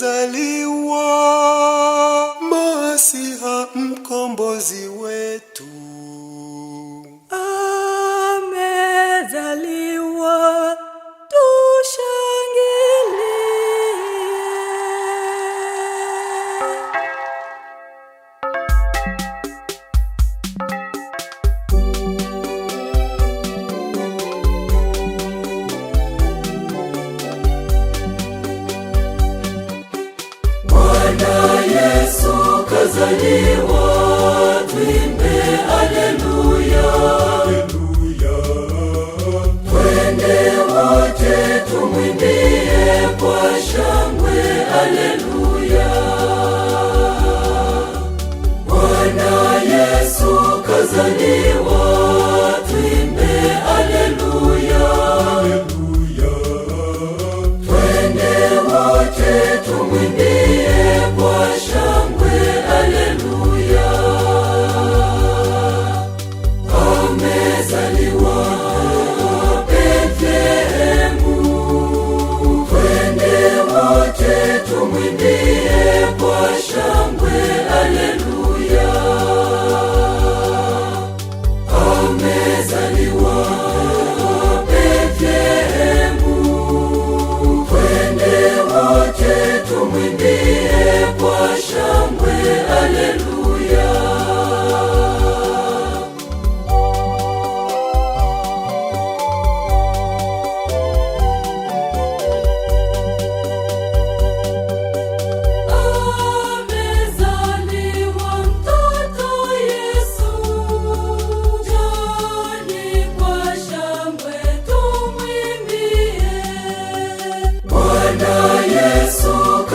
amezaliwa Masiha mkombozi wetu. amezaliwa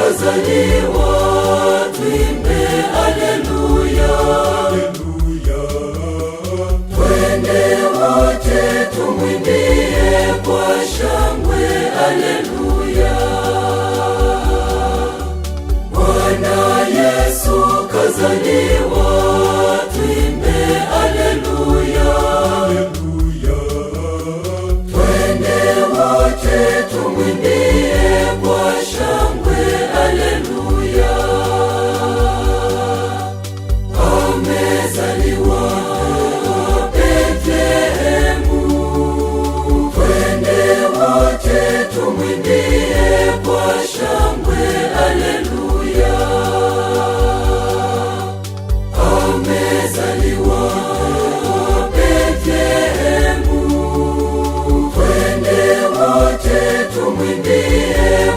wazaliwa, tuimbe aleluya, twende wote tumwimbie kwa shangwe aleluya. Bwana Yesu kazaliwa, tuimbe aleluya, twende wote tumwimbie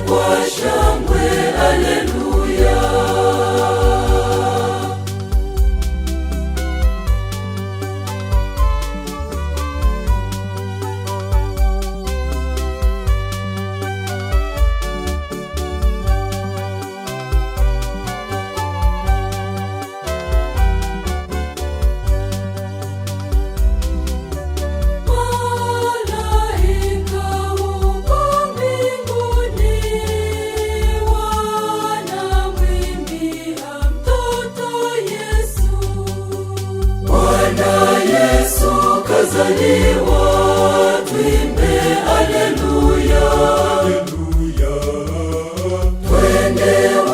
worship. will.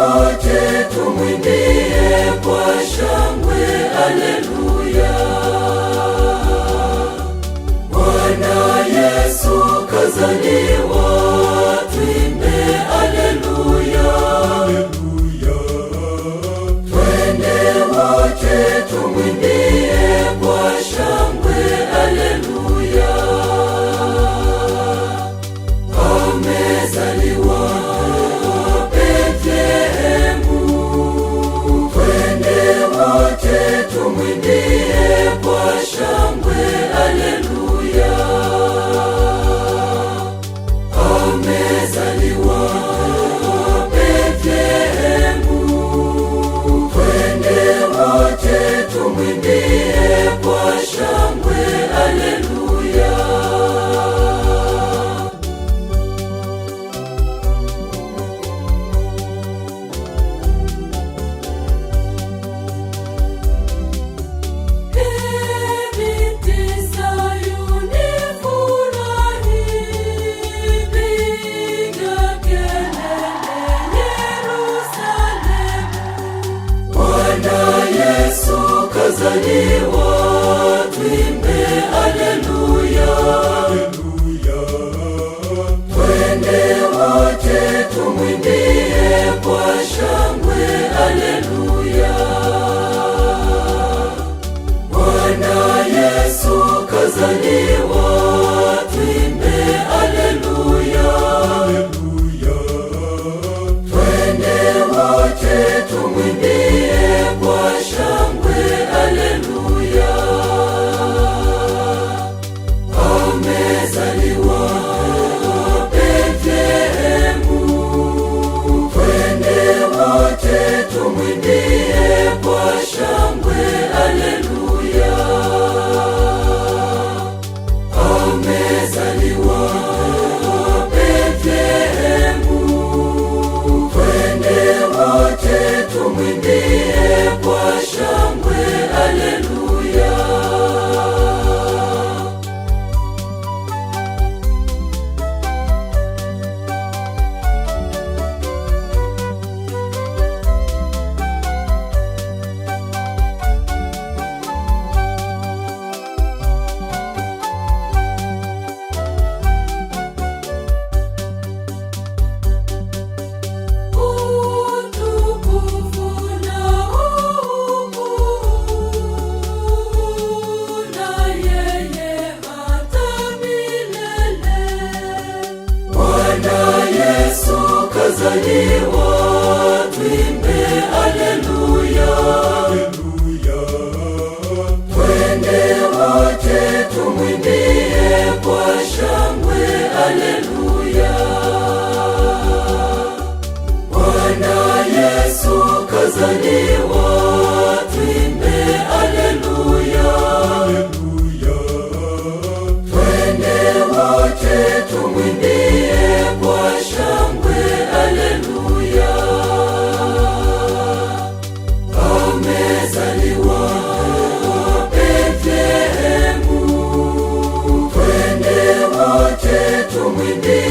wakosaji wote amezaliwa, tuimbe aleluya. Twende wote tumwimbie kwa shangwe aleluya. Bwana Yesu kazaliwa we be?